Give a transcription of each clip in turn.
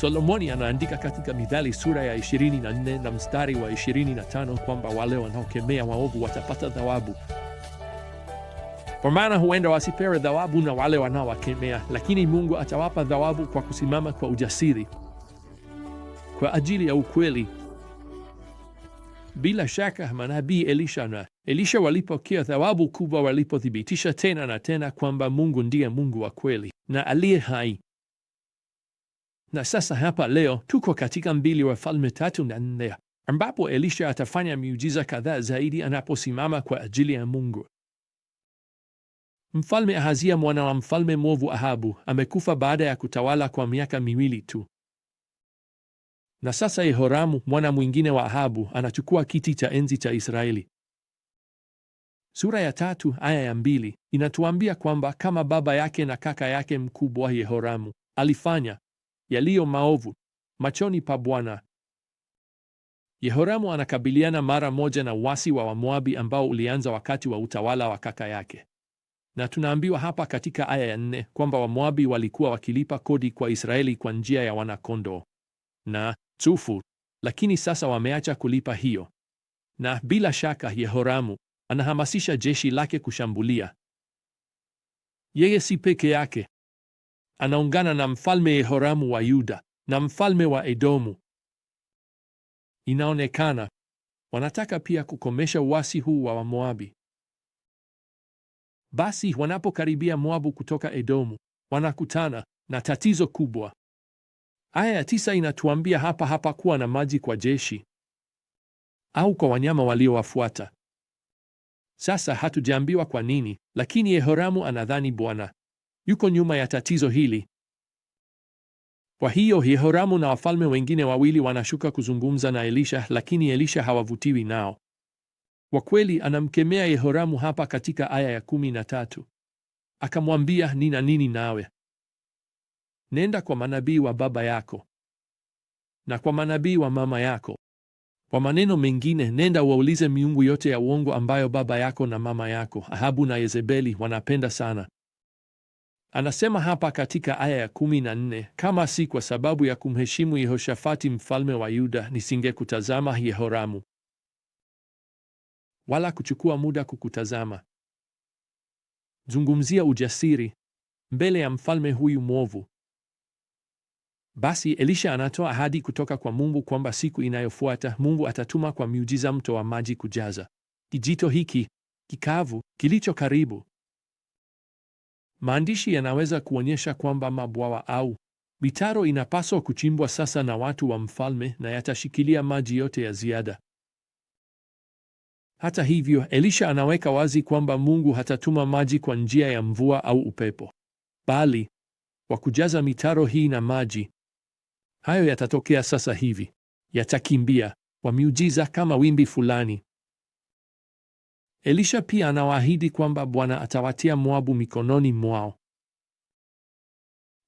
Solomoni anaandika katika Mithali sura ya 24 na mstari wa 25 kwamba wale wanaokemea waovu watapata thawabu, kwa maana huenda wasipewe thawabu na wale wanaowakemea, lakini Mungu atawapa thawabu kwa kusimama kwa ujasiri kwa ajili ya ukweli. Bila shaka manabii Elisha na Elisha walipokea thawabu kubwa walipothibitisha tena na tena kwamba Mungu ndiye Mungu wa kweli na aliye hai. Na sasa hapa leo tuko katika mbili wa Falme tatu na nne ambapo Elisha atafanya miujiza kadhaa zaidi anaposimama kwa ajili ya Mungu. Mfalme Ahazia mwana wa mfalme mwovu Ahabu amekufa baada ya kutawala kwa miaka miwili tu, na sasa Yehoramu mwana mwingine wa Ahabu anachukua kiti cha enzi cha Israeli. Sura ya tatu aya ya mbili inatuambia kwamba kama baba yake na kaka yake mkubwa Yehoramu alifanya yaliyo maovu machoni pa Bwana. Yehoramu anakabiliana mara moja na uasi wa Wamoabi ambao ulianza wakati wa utawala wa kaka yake, na tunaambiwa hapa katika aya ya nne kwamba Wamoabi walikuwa wakilipa kodi kwa Israeli kwa njia ya wanakondoo na tufu lakini sasa wameacha kulipa hiyo, na bila shaka Yehoramu anahamasisha jeshi lake kushambulia. Yeye si peke yake, anaungana na mfalme Yehoramu wa Yuda na mfalme wa Edomu. Inaonekana wanataka pia kukomesha uasi huu wa Wamoabi. Basi wanapokaribia Moabu kutoka Edomu, wanakutana na tatizo kubwa. Aya ya tisa inatuambia hapa hapa kuwa na maji kwa jeshi au kwa wanyama waliowafuata. Sasa hatujaambiwa kwa nini, lakini Yehoramu anadhani Bwana yuko nyuma ya tatizo hili. Kwa hiyo Yehoramu na wafalme wengine wawili wanashuka kuzungumza na Elisha, lakini Elisha hawavutiwi nao. Kwa kweli, anamkemea Yehoramu hapa katika aya ya kumi na tatu akamwambia, nina nini nawe? Nenda kwa manabii wa baba yako na kwa manabii wa mama yako. Kwa maneno mengine, nenda waulize miungu yote ya uongo ambayo baba yako na mama yako Ahabu na Yezebeli wanapenda sana Anasema hapa katika aya ya kumi na nne, kama si kwa sababu ya kumheshimu Yehoshafati mfalme wa Yuda, nisingekutazama Yehoramu, wala kuchukua muda kukutazama. Zungumzia ujasiri mbele ya mfalme huyu mwovu. Basi Elisha anatoa ahadi kutoka kwa Mungu kwamba siku inayofuata Mungu atatuma kwa miujiza mto wa maji kujaza kijito hiki kikavu kilicho karibu Maandishi yanaweza kuonyesha kwamba mabwawa au mitaro inapaswa kuchimbwa sasa na watu wa mfalme, na yatashikilia maji yote ya ziada. Hata hivyo, Elisha anaweka wazi kwamba Mungu hatatuma maji kwa njia ya mvua au upepo, bali kwa kujaza mitaro hii na maji. Hayo yatatokea sasa hivi, yatakimbia kwa miujiza kama wimbi fulani. Elisha pia anawaahidi kwamba Bwana atawatia Moabu mikononi mwao.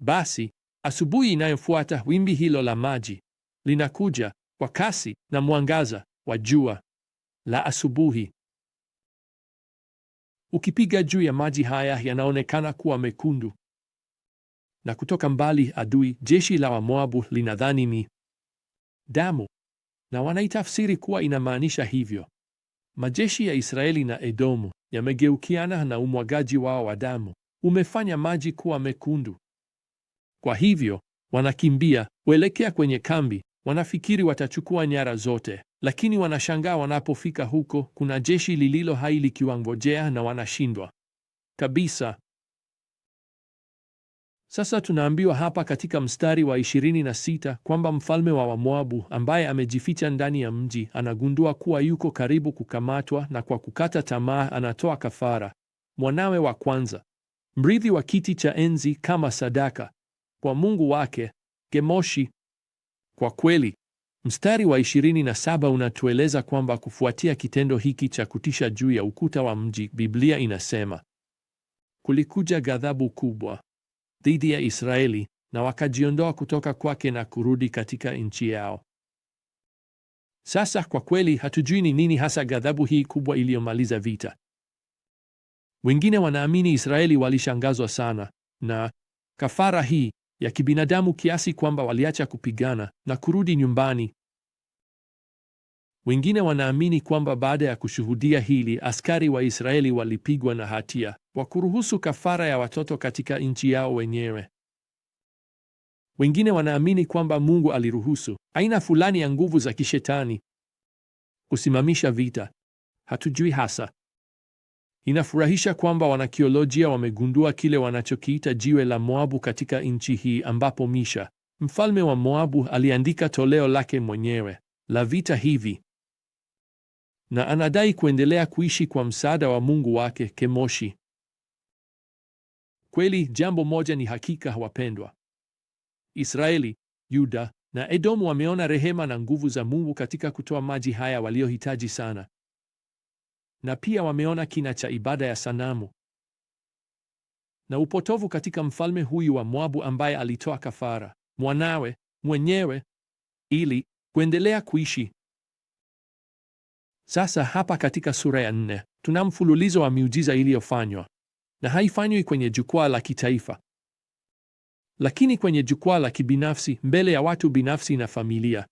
Basi asubuhi inayofuata wimbi hilo la maji linakuja kwa kasi na mwangaza wa jua la asubuhi ukipiga juu ya maji haya yanaonekana kuwa mekundu, na kutoka mbali adui, jeshi la Wamoabu linadhani ni damu, na wanaitafsiri kuwa inamaanisha hivyo. Majeshi ya Israeli na Edomu yamegeukiana na umwagaji wao wa damu umefanya maji kuwa mekundu. Kwa hivyo wanakimbia kuelekea kwenye kambi, wanafikiri watachukua nyara zote, lakini wanashangaa wanapofika huko, kuna jeshi lililo hai likiwangojea na wanashindwa kabisa. Sasa tunaambiwa hapa katika mstari wa 26 kwamba mfalme wa Wamoabu ambaye amejificha ndani ya mji anagundua kuwa yuko karibu kukamatwa, na kwa kukata tamaa anatoa kafara mwanawe wa kwanza, mrithi wa kiti cha enzi, kama sadaka kwa mungu wake Kemoshi. Kwa kweli, mstari wa 27 unatueleza kwamba kufuatia kitendo hiki cha kutisha juu ya ukuta wa mji, Biblia inasema kulikuja ghadhabu kubwa dhidi ya Israeli na wakajiondoa kutoka kwake na kurudi katika nchi yao. Sasa kwa kweli hatujui ni nini hasa ghadhabu hii kubwa iliyomaliza vita. Wengine wanaamini Israeli walishangazwa sana na kafara hii ya kibinadamu kiasi kwamba waliacha kupigana na kurudi nyumbani. Wengine wanaamini kwamba baada ya kushuhudia hili, askari wa Israeli walipigwa na hatia kwa kuruhusu kafara ya watoto katika nchi yao wenyewe. Wengine wanaamini kwamba Mungu aliruhusu aina fulani ya nguvu za kishetani kusimamisha vita. Hatujui hasa. Inafurahisha kwamba wanakiolojia wamegundua kile wanachokiita jiwe la Moabu katika nchi hii ambapo Misha, mfalme wa Moabu, aliandika toleo lake mwenyewe la vita hivi. Na anadai kuendelea kuishi kwa msaada wa Mungu wake Kemoshi, Kweli jambo moja ni hakika, wapendwa, Israeli, Yuda na Edomu wameona rehema na nguvu za Mungu katika kutoa maji haya waliohitaji sana, na pia wameona kina cha ibada ya sanamu na upotovu katika mfalme huyu wa Moabu ambaye alitoa kafara mwanawe mwenyewe ili kuendelea kuishi. Sasa hapa katika sura ya nne tuna mfululizo wa miujiza iliyofanywa na haifanywi kwenye jukwaa la kitaifa, lakini kwenye jukwaa la kibinafsi mbele ya watu binafsi na familia.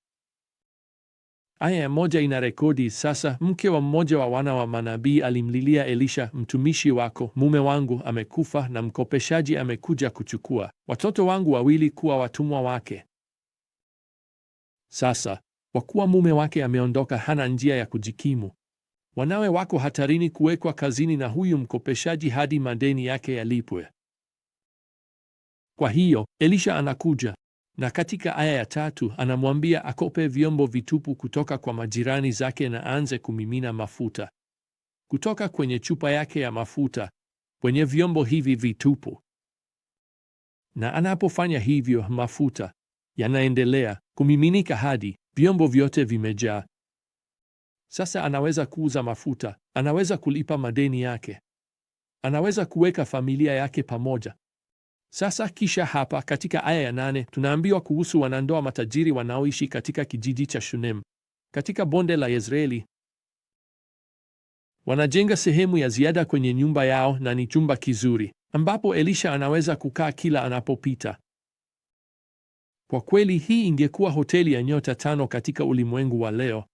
Aya ya moja ina rekodi sasa, mke wa mmoja wa wana wa manabii alimlilia Elisha, mtumishi wako mume wangu amekufa, na mkopeshaji amekuja kuchukua watoto wangu wawili kuwa watumwa wake. Sasa kwa kuwa mume wake ameondoka, hana njia ya kujikimu. Wanawe wako hatarini kuwekwa kazini na huyu mkopeshaji hadi madeni yake yalipwe. Kwa hiyo Elisha anakuja na katika aya ya tatu anamwambia akope vyombo vitupu kutoka kwa majirani zake na aanze kumimina mafuta kutoka kwenye chupa yake ya mafuta kwenye vyombo hivi vitupu. Na anapofanya hivyo, mafuta yanaendelea kumiminika hadi vyombo vyote vimejaa. Sasa anaweza kuuza mafuta, anaweza kulipa madeni yake, anaweza kuweka familia yake pamoja. Sasa kisha hapa katika aya ya nane tunaambiwa kuhusu wanandoa matajiri wanaoishi katika kijiji cha Shunem katika bonde la Yezreeli. Wanajenga sehemu ya ziada kwenye nyumba yao, na ni chumba kizuri ambapo Elisha anaweza kukaa kila anapopita. Kwa kweli, hii ingekuwa hoteli ya nyota tano katika ulimwengu wa leo.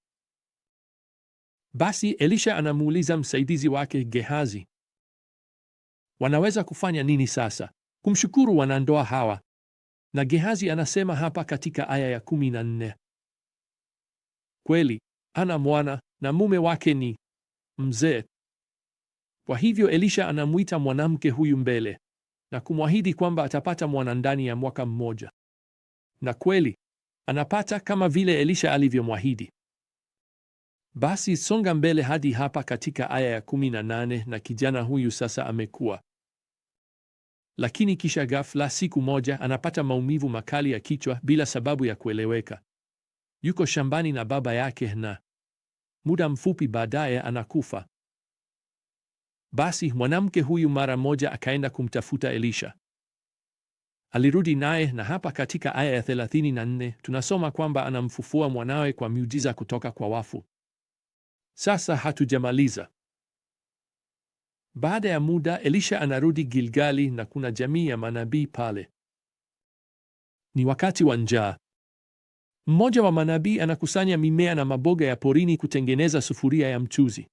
Basi Elisha anamuuliza msaidizi wake Gehazi, wanaweza kufanya nini sasa? Kumshukuru wanandoa hawa? Na Gehazi anasema hapa katika aya ya kumi na nne, kweli ana mwana na mume wake ni mzee. Kwa hivyo Elisha anamuita mwanamke huyu mbele na kumwahidi kwamba atapata mwana ndani ya mwaka mmoja, na kweli anapata kama vile Elisha alivyomwahidi. Basi songa mbele hadi hapa katika aya ya 18, na kijana huyu sasa amekuwa. Lakini kisha ghafla, siku moja, anapata maumivu makali ya kichwa bila sababu ya kueleweka. Yuko shambani na baba yake, na muda mfupi baadaye anakufa. Basi mwanamke huyu mara moja akaenda kumtafuta Elisha. Alirudi naye na hapa katika aya ya 34 tunasoma kwamba anamfufua mwanawe kwa miujiza kutoka kwa wafu. Sasa hatujamaliza. Baada ya muda Elisha anarudi Gilgali na kuna jamii ya manabii pale. Ni wakati wa njaa. Mmoja wa manabii anakusanya mimea na maboga ya porini kutengeneza sufuria ya mchuzi.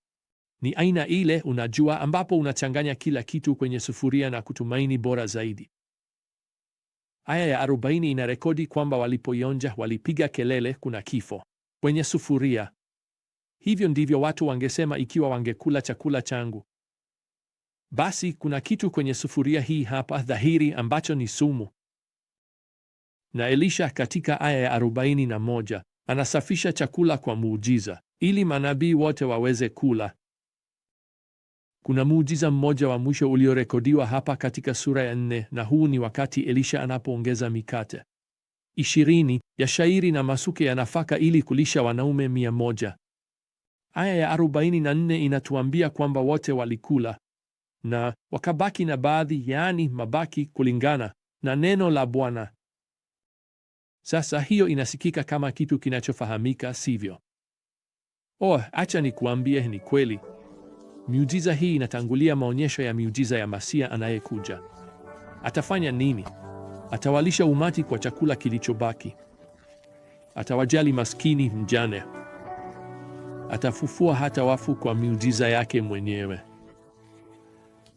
Ni aina ile, unajua, ambapo unachanganya kila kitu kwenye sufuria na kutumaini bora zaidi. Aya ya 40 inarekodi kwamba walipoionja walipiga kelele, kuna kifo kwenye sufuria. Hivyo ndivyo watu wangesema ikiwa wangekula chakula changu. Basi kuna kitu kwenye sufuria hii hapa dhahiri ambacho ni sumu. Na Elisha katika aya ya 41 anasafisha chakula kwa muujiza ili manabii wote waweze kula. Kuna muujiza mmoja wa mwisho uliorekodiwa hapa katika sura ya nne, na huu ni wakati Elisha anapoongeza mikate ishirini ya shairi na masuke ya nafaka ili kulisha wanaume mia moja. Aya ya 44 inatuambia kwamba wote walikula na wakabaki na baadhi, yaani mabaki, kulingana na neno la Bwana. Sasa hiyo inasikika kama kitu kinachofahamika, sivyo? Oh, acha nikuambie, ni kweli. Miujiza hii inatangulia maonyesho ya miujiza ya Masia anayekuja. Atafanya nini? Atawalisha umati kwa chakula kilichobaki. Atawajali maskini, mjane atafufua hata wafu kwa miujiza yake mwenyewe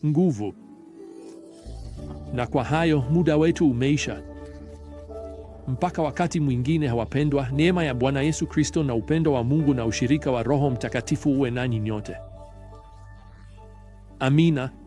nguvu. Na kwa hayo muda wetu umeisha. Mpaka wakati mwingine, hawapendwa, neema ya Bwana Yesu Kristo na upendo wa Mungu na ushirika wa Roho Mtakatifu uwe nanyi nyote. Amina.